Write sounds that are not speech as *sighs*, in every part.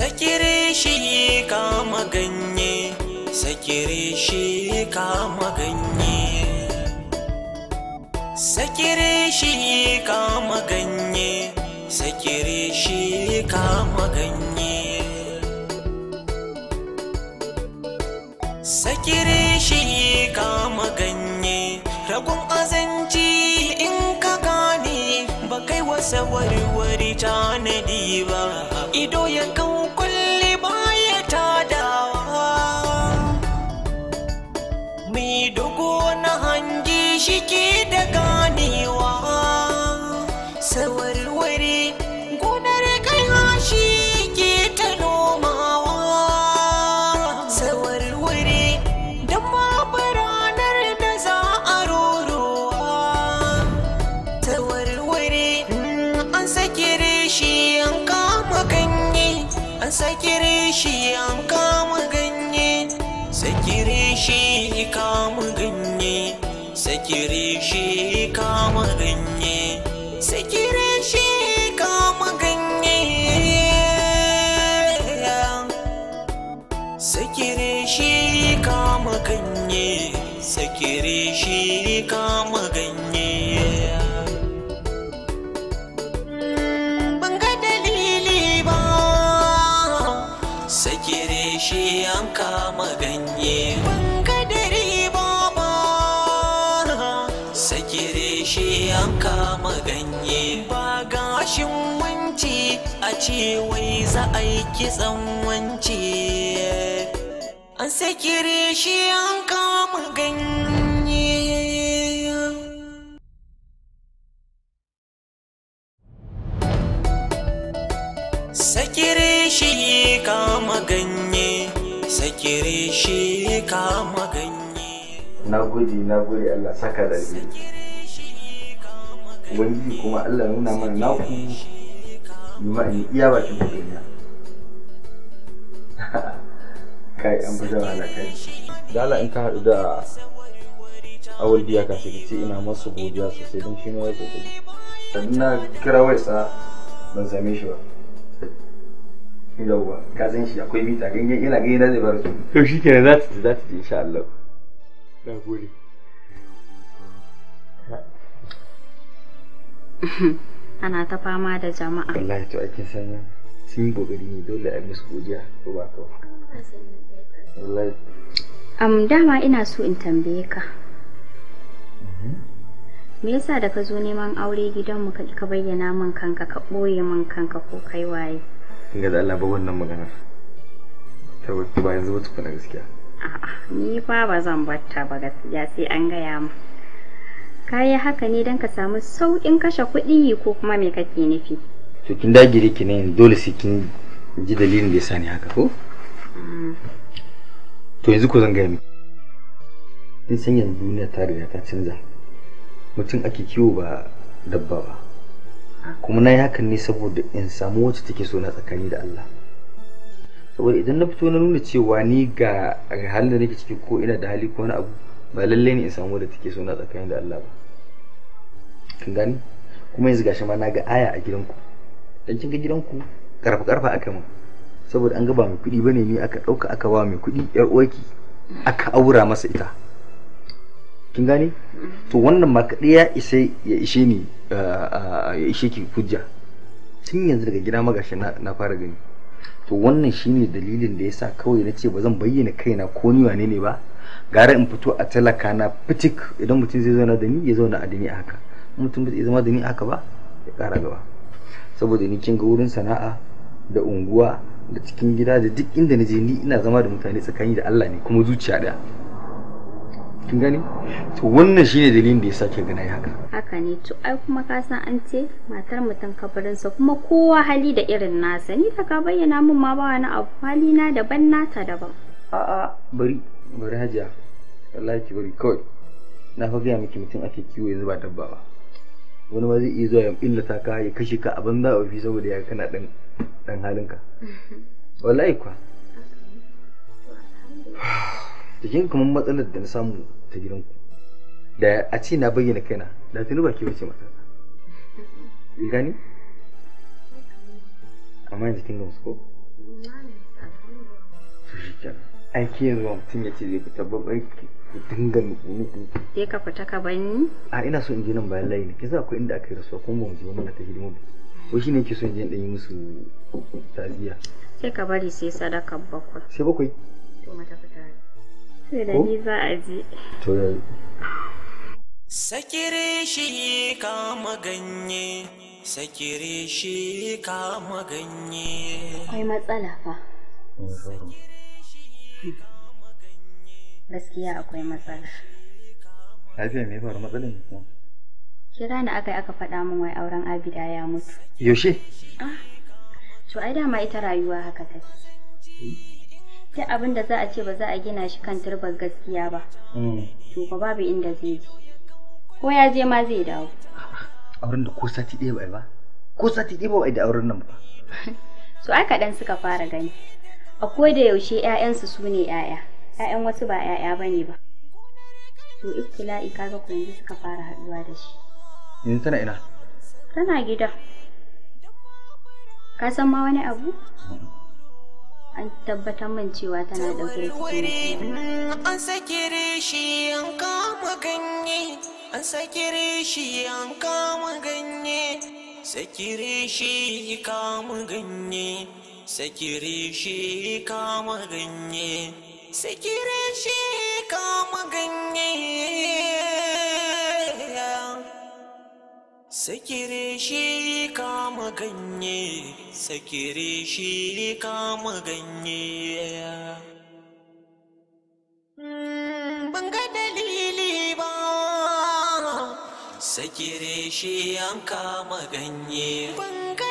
sakire shi kama ganye sakire shi kama ganye sakire shi kama ganye sakire shi kama ganye sakire shi kama ganye ragun azanci in ka gane ba kai wasa warware tanadi ba duk wani hangi shi ke daga sikire shi kama ganye sikire shi kama ganye sikire shi kama ganye sikire shi kama ganye Sakire shi an kama ganye. gashin wance a ce wai za a yi kitsan wance an sakire shi an kama ganye sakire shi kama ganye sakire shi kama ganye na gode na gode allah saka da ubangiji kuma allah nuna mana naku yi in iya bakin duniya *laughs* kai an fi zama da kai dala in ka haɗu da awul biya ka shiga ce ina masu godiya sosai don shi ma ya kokari sannan na kira wai sa ban same shi ba yauwa ka san shi akwai mita ganyen ina ganyen na zai bar su to kenan za ta za ta insha Allah na gode *laughs* ana ta fama da jama'a wallahi to ake sanya sun yi kokari ne dole a musu godiya ko ba ka wallahi am dama ina so in tambaye ka mhm. me yasa da ka zo neman aure gidanmu ka ka bayyana man kanka ka ɓoye man kanka ko kai waye Inga da Allah ba wannan magana ta ba yanzu ba tukuna gaskiya a'a ni fa ba zan batta ba gaskiya sai an gaya mu kayi haka ne don ka samu sauƙin kashe kuɗi ko kuma me kake nufi to kin da ki ne dole sai kin ji dalilin da ya sani haka ko mm. to yanzu ko zan gaya miki kin san yanzu duniya ta riga ta canza mutum ake kiwo ba dabba ba ah. kuma na yi hakan ne saboda in samu wacce take so na tsakani da Allah saboda idan na fito na nuna cewa ni ga halin da nake ciki ko ina da hali ko wani abu ba lallai ne in samu wadda take so na tsakani da Allah ba kin gani kuma yanzu gashi ma na ga aya a gidanku dan kin ga gidanku karfa karfa aka mun saboda an ga ba mai kuɗi bane ne aka ɗauka aka ba mai kuɗi yar uwarki aka aura masa ita kin gane to wannan ma kaɗai ya ishe ya ishe ni ya ishe ki hujja tun yanzu daga gida ma gashi na fara gani to wannan shine dalilin da yasa kawai na ce ba zan bayyana kaina ko ni wane ne ba gara in fito a talaka na fitik idan mutum zai zauna da ni ya zauna a dani a haka mutum bai zama da ni aka ba ya kara gaba saboda ni kin ga wurin sana'a da unguwa da cikin gida da duk inda na je ni ina zama da mutane tsakani da Allah ne kuma zuciya daya kin gani to wannan shine dalilin da ya sake gana haka haka ne to ai kuma ka san an ce matar mutum kabarinsa kuma kowa hali da irin nasa ni ta ka bayyana min ma ba wani abu hali na daban nata daban a'a bari bari hajiya wallahi ki bari kawai na fa ga miki mutum ake kiwo yanzu ba dabba ba wani ma zai iya zuwa ya illata ka ya kashe ka abin za a fi saboda ya kana dan dan halinka *laughs* wallahi kwa cikin *sighs* kuma matsalar da na samu ta gidanku da a ce na bayyana kaina da tuni ba ke wace matata gani amma yanzu kin gamsu ko to shi kenan aiki yanzu mutum ya ce zai fita babban dinga nuku sai ka fita ka bani a ina so in je nan bayan layi ne kisa akwai inda aka yi rasuwa kuma ba mu je ba muna ta ba ko shi ne ke so in je in yi musu taziya sai ka bari sai sadaka bakwai sai bakwai to mata fita sai da ni za a je to yayi sakire shi kama ganye sakire shi kama ganye akwai matsala fa sakire shi gaskiya akwai matsala lafiya me faru matsalar ki kira ni akai aka faɗa min wai auren abida ya mutu yaushe ah, to ai dama ita rayuwa haka take duk abin da za a ce ba za a gina shi kan turbar gaskiya ba mm. to ba babu inda zai je ko ya je ma zai dawo auren da ko sati ɗaya ba ba ko sati ɗaya ba da auren nan ba *laughs* to ai kaɗan suka fara gani a da yaushe 'ya'yansu su ne 'ya'ya Ƴaƴan wasu ba ƴaƴa ba ne ba to ibtila'i kaga ku yanzu suka fara haɗuwa da shi yanzu tana ina tana gida ka san ma wani abu an tabbatar min cewa tana ɗauke da cikin an sakire reshi an kama ganye an sakire an kama ganye Saki reshi kama ganye sakire kama ganye sikire shi kama ganye sikire shi kama ganye sikire shi hmm, kama ganye ban dalili ba sakire shi an kama ganye banga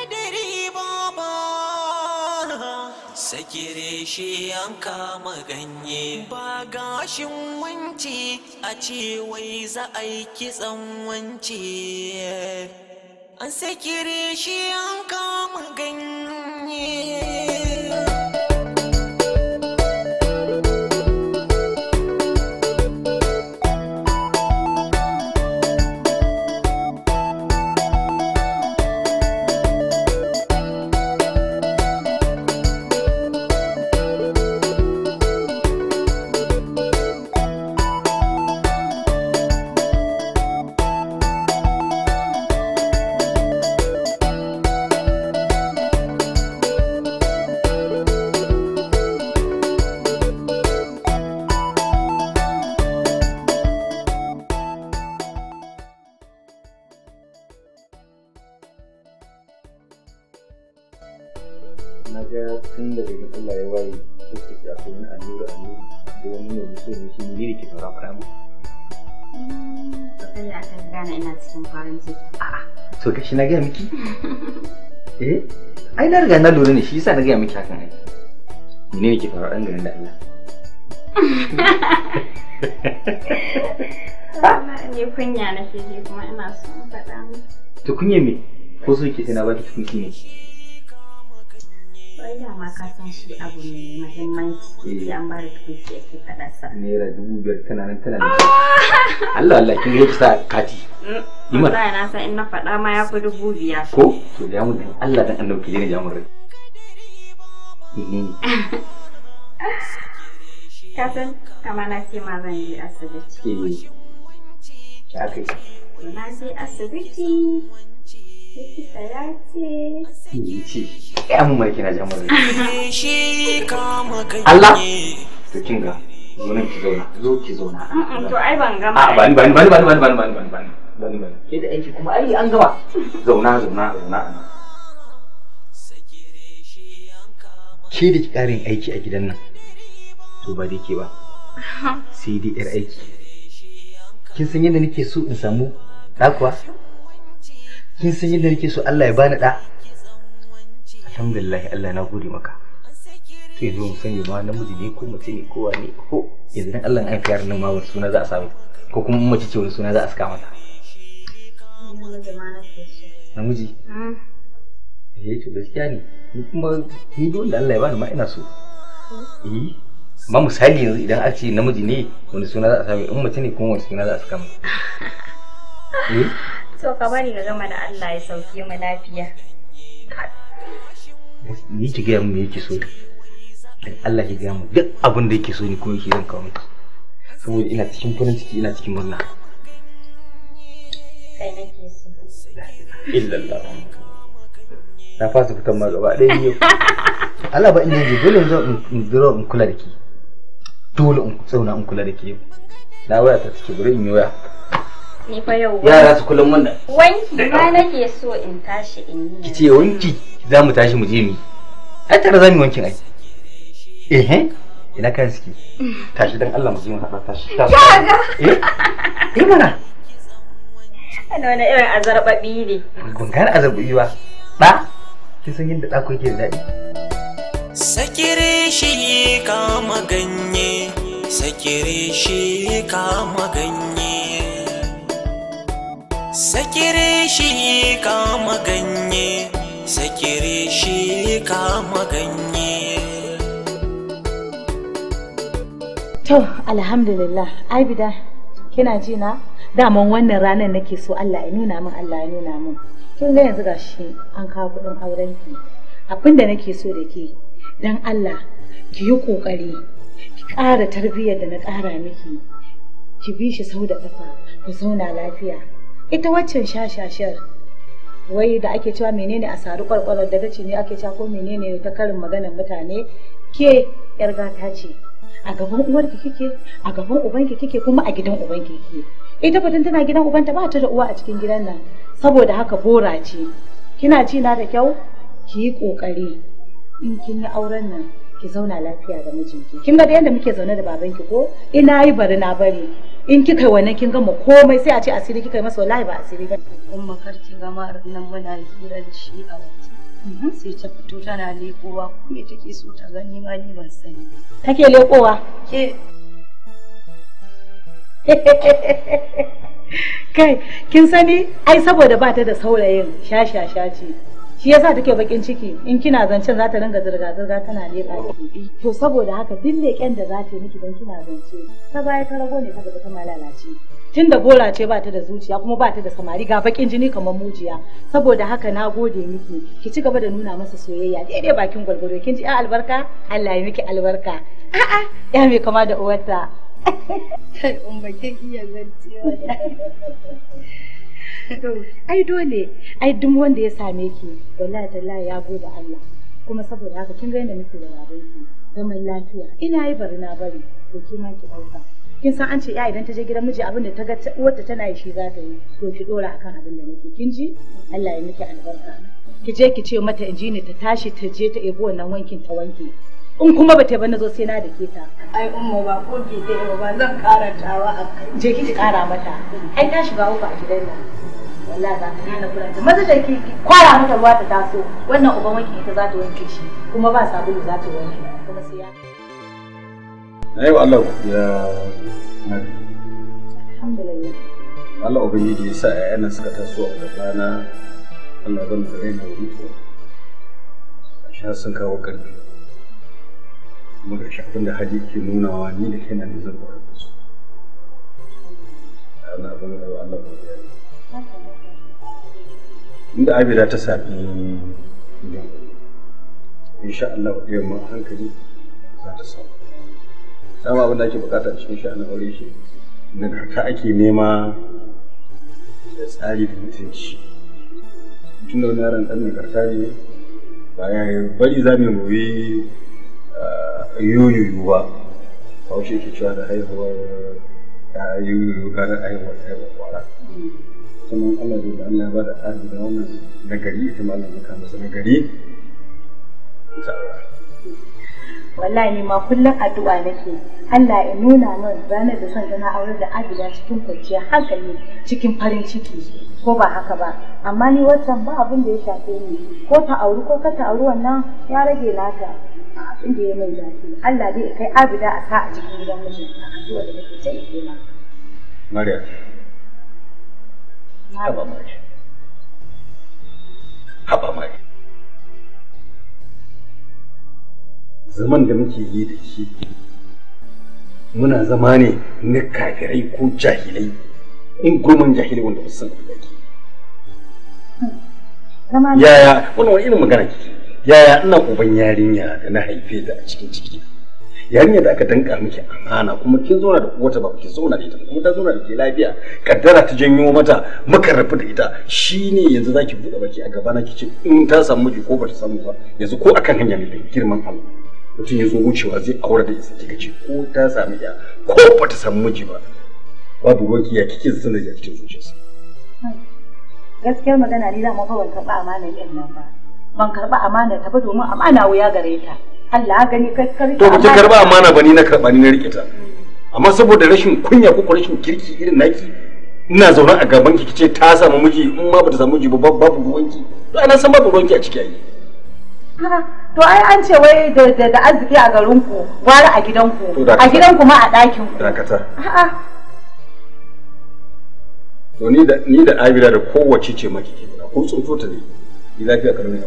sakire shi an kama ganye ba gashin wanci a ce wai za a yi kitsan wanci an sakire shi an kama ganye na ga tun da garin Allah ya waye duk da ke akwai wani annuri annuri da wani ne mutum ne shi ne ke fara fara mu. kai a kan gane ina cikin farin ciki. A'a, to kashi na gaya miki? *laughs* Eh, ai na riga na lura ne shi yasa na gaya miki hakan ai. Ne ne ke faruwa ɗan garin da Allah? *laughs* Ni kunya na shi kuma ina son faɗa mu. To kunya me? Ko so ke sai na baki cikin ne? dama ka san shi abu mai muhimmanci an kuɗi ake kaɗa sa. Naira dubu biyar tana nan tana nan. Allah Allah kin kati. Mm, na san in na faɗa ma ya fi dubu biyar. Ko to da Allah dan jamun rai. *laughs* na ce ma zan asibiti. Eh, kai. Na je asibiti. likita ya ce ya mu mai kina jamar *laughs* Allah to kin ga zo nan ki zauna zo ki zauna to ai ban gama a ah, bani bani bani bani bani bani bani bani bani bani bani ke da aiki kuma ai an gama zauna zauna zauna ke da ki ƙarin aiki a gidan nan to ba dai ke ba *laughs* sai dai yar aiki kin san yadda nake so in samu ɗakuwa kin san yadda nake so Allah ya bani da alhamdulillah Allah na gode maka to yanzu mun sanya ma namiji ne ko mace ne Ko wani ko yanzu dan Allah an kayar nan ma wani suna za a samu ko kuma mace ce wani suna za a saka mata namiji hmm. eh to gaskiya ne ni kuma ni dole Allah ya bani ma ina so eh Ma misali yanzu idan a ce namiji ne wani suna za a samu in mace ne kuma wani suna za a saka mata *laughs* eh to ka bari ga gama da Allah ya sauke mu lafiya ni ki gaya mu yake so dan Allah ki gaya mu duk abin da yake so ni kuma yake zan kawo miki saboda ina cikin farin ciki ina cikin murna kai nake so illallah na fasa fitan ma gaba ɗaya yau *laughs* Allah ba inda dole in zo in kula da ki dole in zauna in kula da ki yau na waya ta ciki bari in yi waya Ni fa yau yara su kullum wannan. Wanki ma nake so in tashi in yi. Kice wanki za mu tashi mu je mu. Ai tare za mu wankin ai. Eh ina kan suke. Tashi dan Allah mu je mu haɗa tashi. Kaga. Eh? Eh mana. Ana wani irin azarbaɓi ne. Ban gane azarbaɓi ba. Ɗa. Kin san yadda ɗa ko yake da daɗi. Sakire shi kama ganye, sakire shi kama ganye. sakire shi kama maganye sakire shi kama ganye to alhamdulillah ai kina ji na daman wannan ranar nake so Allah ya nuna min Allah ya nuna min kin ga yanzu gashi an kawo kudin auren ki abin nake so da ke dan Allah ki yi kokari ki ƙara tarbiyyar da na ƙara miki ki bi shi sau da ƙafa ku zauna lafiya ita waccan shashashar wai da ake cewa menene a sari kwarkwarar da ce ne ake cewa ko menene ta karin maganar mutane ke yar gata ce a gaban uwarki kike a gaban ubanki kike kuma a gidan ubanki kike ita fatan tana gidan ubanta ba ta da uwa a cikin gidan nan saboda haka bora ce kina ci na da kyau ki yi kokari in kin yi auren nan ki zauna lafiya da mijinki kin ga da yadda muke zaune da babanki ko ina yi bari na bari in kika wannan kin gama komai sai a ce asiri kika yi masa wallahi ba asiri ba kun makarci gama nan muna hirar da shi a waje mhm. sai ta fito tana lekowa ko me take so ta gani ma ni ban sani take lekowa ke *laughs* kai kin sani ai saboda ba ta da saurayin shashasha ce shi yasa take bakin ciki in kina zancen za ta ringa zirga zirga tana da to saboda haka duk leƙen da za ta yi miki don kina zance ta baya ta rago ne ta gaba ta malalace tun da bola ce ba ta da zuciya kuma ba ta da samari ga bakin jini kamar mujiya saboda haka na gode miki ki ci gaba da nuna masa soyayya daidai bakin gwalgwado kin ji ya albarka Allah ya miki albarka a'a ya mai kama da uwarta *laughs* kai umma kin iya zancewa ai dole ai duk wanda ya same ki wallahi tallahi ya gode Allah kuma saboda haka kin ga yadda muke da yaran ki zaman lafiya ina yi bari na bari to ki ma ki dauka kin san an ce ya idan ta je gidan miji abin da ta ga uwarta tana yi shi za ta yi to ki dora akan abin da nake kin ji Allah ya miki albarka ki je ki ce mata in ji ne ta tashi ta je ta ebo wannan wankin ta wanke in kuma ba ta yi ba nazo sai na da ke ta ai umma ba ko ke ta yi ba zan kara tawa a kai je ki kara mata ai ta shiga uku a gidan nan wallahi za ta hana kuranta maza da ke kwara mata ruwa ta taso wannan uban wanke ita za ta wanke shi kuma ba sabulu za ta wanke kuma sai ya ayi Allah ya alhamdulillah Allah ubangiji ya sa ƴaƴana suka taso a gabana Allah ban da da wuri sha sun kawo ƙarfi kuma ga shi abin da hajji ke nunawa ni da kaina ne zan kwarar da su ana abin da Allah godiya ne inda abida ta sami idan insha Allah ɗaya ma hankali za ta samu dama abin da ake bukata cikin sha'anin aure shi nagarta ake nema da tsari da mutunci tun da wani yaron ɗan nagarta ne ba ya bari za mu yi yoyoyo ba haushe ke cewa da haihuwar yoyoyo gara haihuwar haihuwar kwara sannan allah zai da allah ba da ɗaji da wannan nagari ita ma allah maka masa nagari wallahi ni ma kullum addu'a nake Allah ya nuna min ranar da son na aure da Abida cikin kwanciyar hankali cikin farin ciki ko ba haka ba amma ni wancan ba abin da ya shafe ni ko ta auri ko ka ta auri wannan ya rage nata inda ya mai zafi Allah zai kai abida a sa a cikin gidan mijinta a zuwa da take ta ike ma Maryam haba mari haba mari zaman da muke yi da shi muna zama ne na kafirai ko jahilai in goman jahilai wanda ba su san da hmm. yaya wannan wani irin magana kike yaya ina uban yarinya da na haife ta a cikin ciki yarinya da aka danka miki amana kuma kin zauna da uwata ba kin zauna da ita kuma ta zauna da ke lafiya kaddara ta janyo mata muka rabu da ita shine yanzu zaki buɗe baki a gaba na kici in ta samu miji ko ta samu ba yanzu ko akan hanya ne da girman Allah mutum ya zo wucewa zai aure da ita kika ce ko ta samu ya ko ta samu miji ba babu ruwanki ya kike zan da cikin zuciyarsa gaskiyar magana ni da mafawar taɓa amanar yan nan ba ban karba amana ta ba domin amana wuya gare ta Allah ya gani kai karba to ki karba amana ba ni na karba ni na rike ta amma saboda rashin kunya ko rashin kirki irin naki ina zaune a gaban ki kice ta samu miji in ma bata samu miji ba babu ruwanki to ana san babu ruwanki a ciki ai to ai an ce wai da arziki a garinku gwara a gidanku a gidanku ma a ɗakin ku dakata a'a to ni da ni da abira da kowace ce maki ko tsoto ta ne ni lafiya kalau ne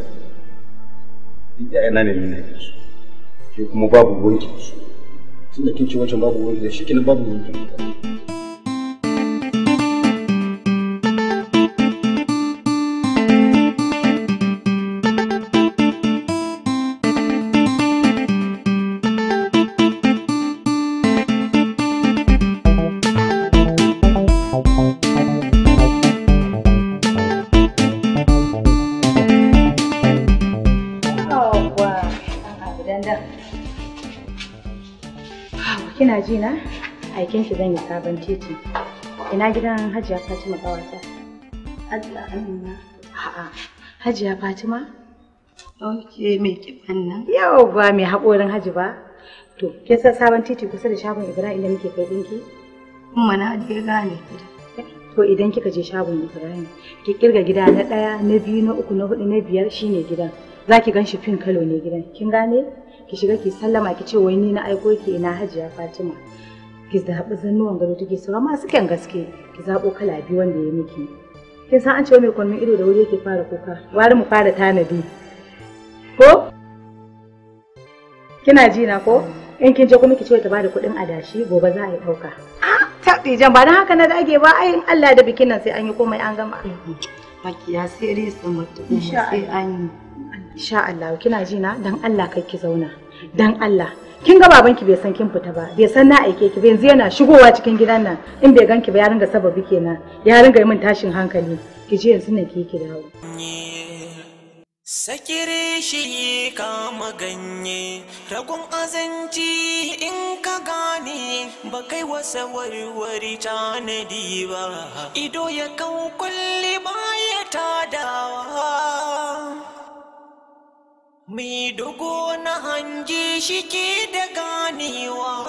ni ƴaƴana ne ni na su ke kuma babu wanki su tunda kin wancan babu wanki da shi babu wanki tashi zan yi sabon titi. Ina gidan Hajiya Fatima ƙawata. Allah Allah. A'a, Hajiya Fatima? Ɗauke mai kiban nan. ba mai haƙorin Haji ba. To, ke san sabon titi kusa da shagon Ibrahim da muke kai ɗinki? Kuma na je gane To idan kika je shagon Ibrahim, ki kirga gida na ɗaya, na biyu, na uku, na huɗu, na biyar shine gidan. Za ki gan shi fin kalo ne gidan. Kin gane? Ki shiga ki sallama ki ce wai ni na aiko ki ina Hajiya Fatima. ki zaɓi zannuwan gado take sawa masu kyan gaske ki zaɓo kala biyu wanda ya miki kin san an ce mai kwamin ido da wuri yake fara kuka wari mu fara tanadi ko kina ji na ko in kin je kuma ki ce ta bada kuɗin adashi gobe za a yi ɗauka taɓi jan ba don haka na dage ba ai Allah da bikin nan sai an yi komai an gama ya sai rai tsamar ta sai an yi insha Allah kina ji na dan Allah kai ki zauna dan Allah kin ga babanki bai san kin fita ba bai san na aike ki yanzu yana shigowa cikin gidan nan in bai ganki ba ya ringa sababi kenan ya ringa yi min tashin hankali ki je yanzu na ki ki dawo sakire shi kama ganye ragon azanci in ka gane ba kai wasa warware tanadi ba ido ya kau kulli ba ya tadawa mai dugo na hanji shi ke da ganewa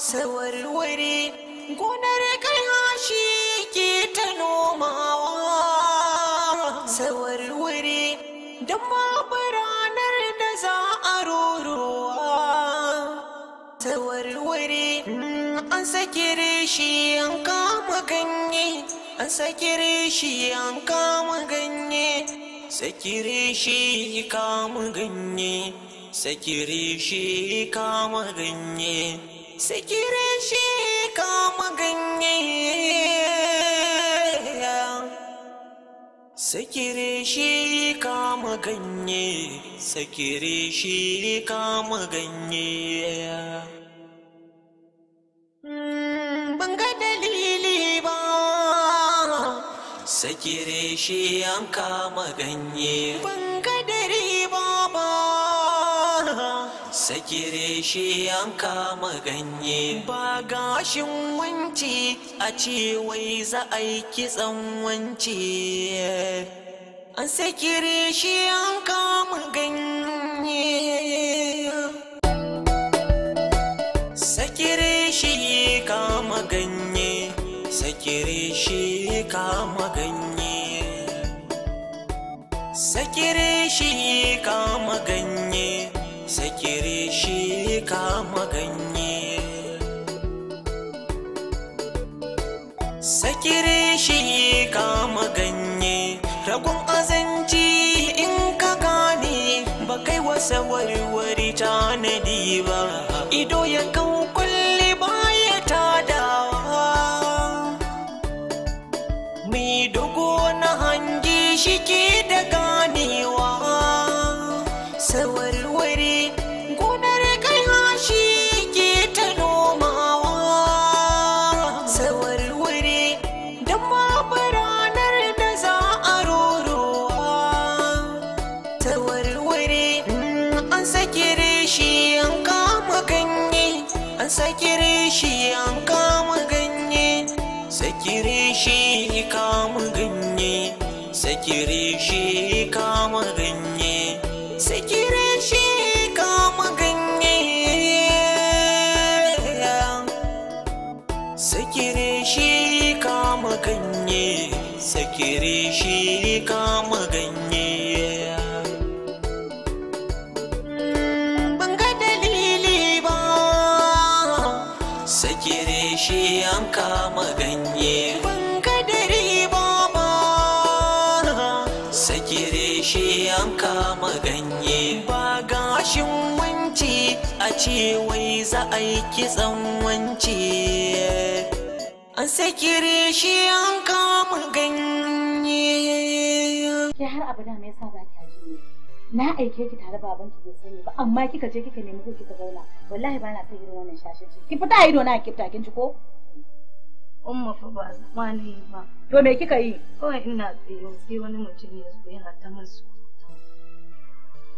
sawarware gonar kai shi ke ta nomawa sawarware don babu ranar da za a ruruwa sawarware mm, an sakire shi an kama ganye an sakire shi an kama ganye sakire shi kama ganye sakire shi kama ganye sakire shi kama ganye sakire shi kama ganye sakire shi kama ganye sakire shi an kama ganye ban kadari baba sakire shi an kama ganye ba gashin wanci a ce wai za a yi kitsan wanci an sakire shi an kama ganye sakire shi kama ganye sakire shi kama ganye sakire shi kama ganye sakire shi kama ganye sakire shi kama ganye ragon azanci in ka gane ba kai wasa warware tanadi ba sikire shi kama ganye sikire shi kama ganye sikire shi kama ganye sikire shi kama ce wai za a yi kitsan wance an sakire shi an kama ganye ke har abada me yasa ba ki ji na aike ki tare baban ki bai sani ba amma kika je kika nemi ko kika zauna wallahi ba na son irin wannan shashanci ki fita ido na kifta kin ci ko umma fa ba zama ba to me kika yi kawai ina tsaye sai wani mutum ya zo yana ta min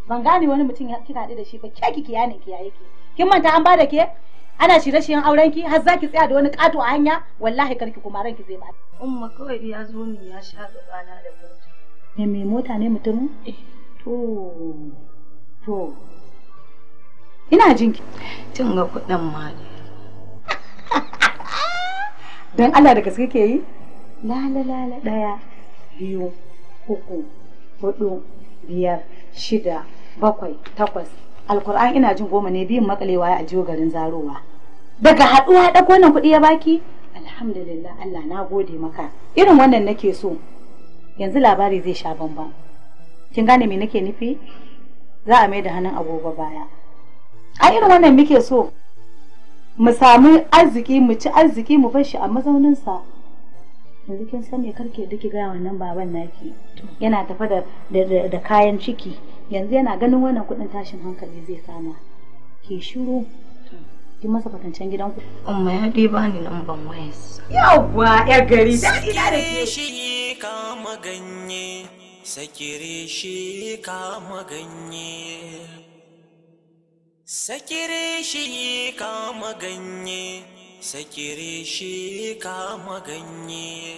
ban gane wani mutum ya kika da shi ba ke ki kiyanin ki yayi ki kin manta an bada ke ana shirye shiryen auren ki har zaki tsaya da wani kato a hanya wallahi karki kuma ranki zai ba umma kawai ya zo ni ya sha gabana da mota me me mota ne mutumin eh. to to ina jinki tun ga kudin ma ne *laughs* don Allah da gaske ke yi la la la daya biyu uku hudu biyar shida bakwai takwas alkur'an ina jin goma ne biyun makalewa ya ajiyo garin zarowa daga haɗuwa ɗauko wannan kuɗi ya baki alhamdulillah allah na gode maka irin wannan nake so yanzu labari zai sha bamban kin gane me nake nufi za a mai da hannun agogo baya a irin wannan muke so mu samu arziki mu ci arziki mu bar shi a mazauninsa yanzu kin san me karke duki ga wannan baban naki yana tafa da da kayan ciki yanzu yana ganin wannan kudin tashin hankali zai kama ke shiru ki masa fatancen gidan ku amma ya dai bani lamban wayes yawa ya gari da ina da ke shi kama ganye sakire shi kama ganye sakire shi kama ganye sakire shi kama ganye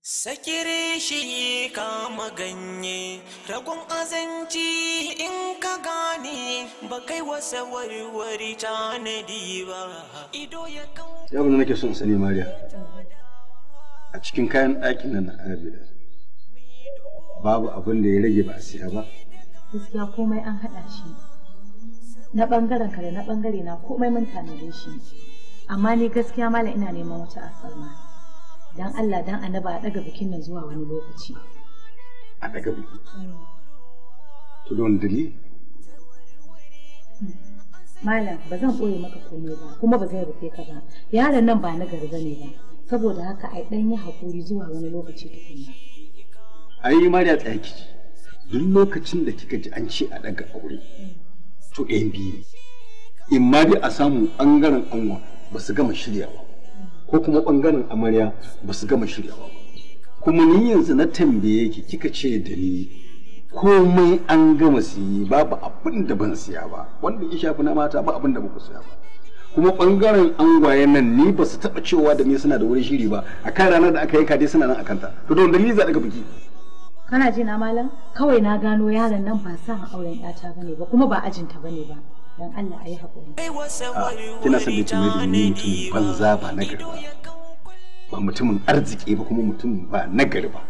sakire shi kama ganye ragon azanci in ka gane ba kai wasa warware na ba ido ya kawo yau nake son sani mariya a cikin kayan ɗakin nan na abida babu abin da ya rage ba a siya ba gaskiya komai an haɗa shi na ɓangaren ka da na ɓangare na komai mun tanade shi amma ni gaskiya malam ina neman wata alfarma dan Allah dan annaba a daga bikin nan zuwa wani lokaci a daga biki mm. to don dali mm. malam ba zan boye maka komai ba kuma ba zan rufe ka ba yaron nan ba na gari bane ba saboda haka ai dan yi hakuri zuwa wani lokaci tukunna ai mariya tsaki duk lokacin da kika ji an ce a daga aure mm. to biyu in ma dai a samu ɓangaren anwa ba su gama shiryawa ko kuma ɓangaren amarya ba su gama shiryawa kuma ni yanzu na tambaye ki kika ce da ni komai an gama su siyi babu abin da ban siya ba wanda ya shafi na mata ba abin da ba ku siya ba kuma bangaren angwayen nan ni ba su taba cewa da ni suna da wurin shiri ba a kan ranar da aka yi kade suna nan a kanta to don dalili za daga biki kana ji na malam kawai na gano yaron nan ba sa auren ɗata bane ba kuma ba ajinta bane ba dan Allah ayi hakuri kina son mutum ne dumi mutum banza ba na gari ba ba mutumin arziki ba kuma mutum ba na gari ba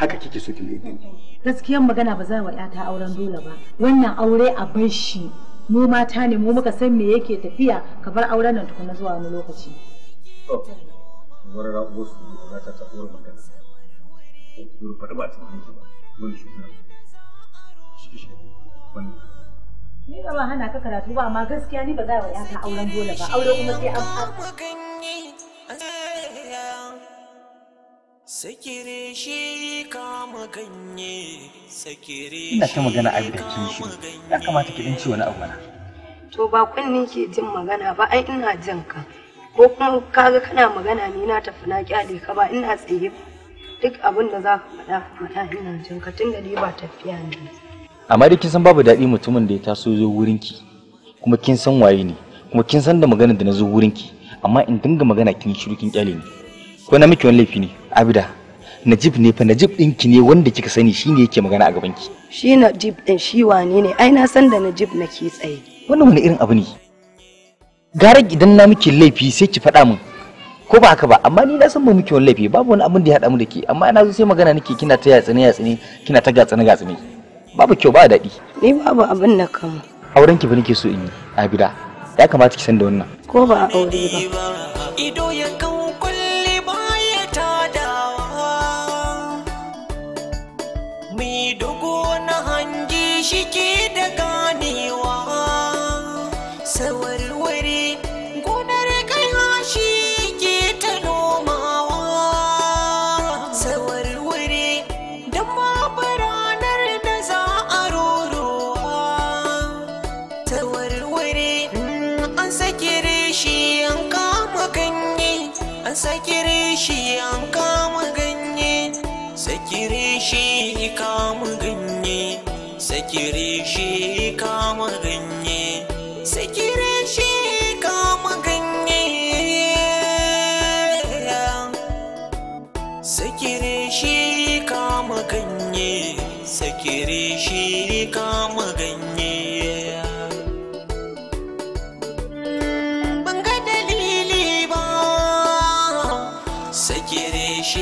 haka kike so ki mai dumi gaskiyar magana ba za wa ɗata auren dole ba wannan aure a bar shi mu mata ne mu muka san me yake tafiya ka bar auren nan tukuna zuwa wani lokaci. Oh, bari na ugo su ta ta magana. to faɗi ba ta yi ba dole shi ne shi shi wannan ni ba ma hana ka karatu ba amma gaskiya ni ba za wa yata auren dole ba aure kuma sai an Sakire Ina ta magana a gidan shi, ya kamata ki ci wani abu mana. To ba kunni ke jin magana ba, ai ina jin ka. Ko kuma kaga kana magana ni na tafi na kyale ka ba ina tsaye ba. duk abin da za ka faɗa faɗa ina jin ka tun da dai ba tafiya ne amma dai kin san babu daɗi mutumin da ya taso zo wurin ki kuma kin san waye ne kuma kin san da magana da na zo wurin ki amma in dinga magana kin shiru kin kyale ne. ko na miki wani laifi ne abida najib ne fa najib ɗinki ne wanda kika sani shi ne yake magana a gaban ki shi najib ɗin shi wane ne ai na san da najib nake tsaye wannan wani irin abu ne gara idan na miki laifi sai ki faɗa min ko ba haka ba amma ni na san mu muke wani laifi babu wani abin da ya haɗa mu da ke amma ina zo sai magana nake kina ta yatsine yatsine kina ta ga gatsine babu kyau ba daɗi ni babu abin da kama auren ki ba nake so in yi abida ya kamata ki san da wannan ko ba aure ba ido ya kan kulli ba ya tadawa mi dogo na hanji shike daga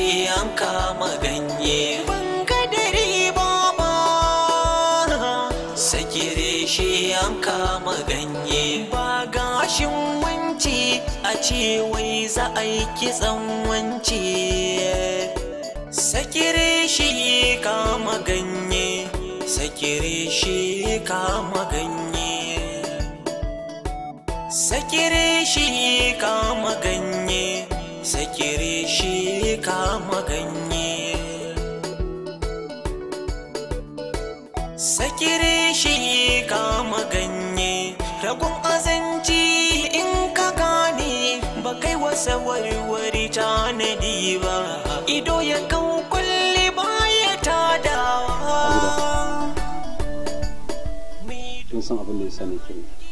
an kama ganye bankadari baba sakire shi an kama ganye ba gashin wanci a ce wai za a yi kitsan wanci sakire shi kama ganye sakire shi kama ganye sakire shi kama ganye sakire shi kama ganye sakire shi kama ganye ragon azanci in ka gane ba kai wasa warware tanadi ba ido ya kan kulle baya ta dawa kin san abin da ya sani kenan